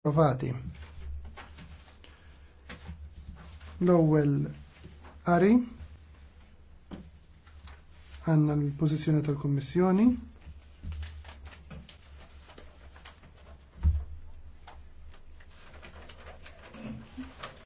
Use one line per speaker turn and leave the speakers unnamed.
provati. L-ewwel Ari għandna l-pożizzjoni tal-Kummissjoni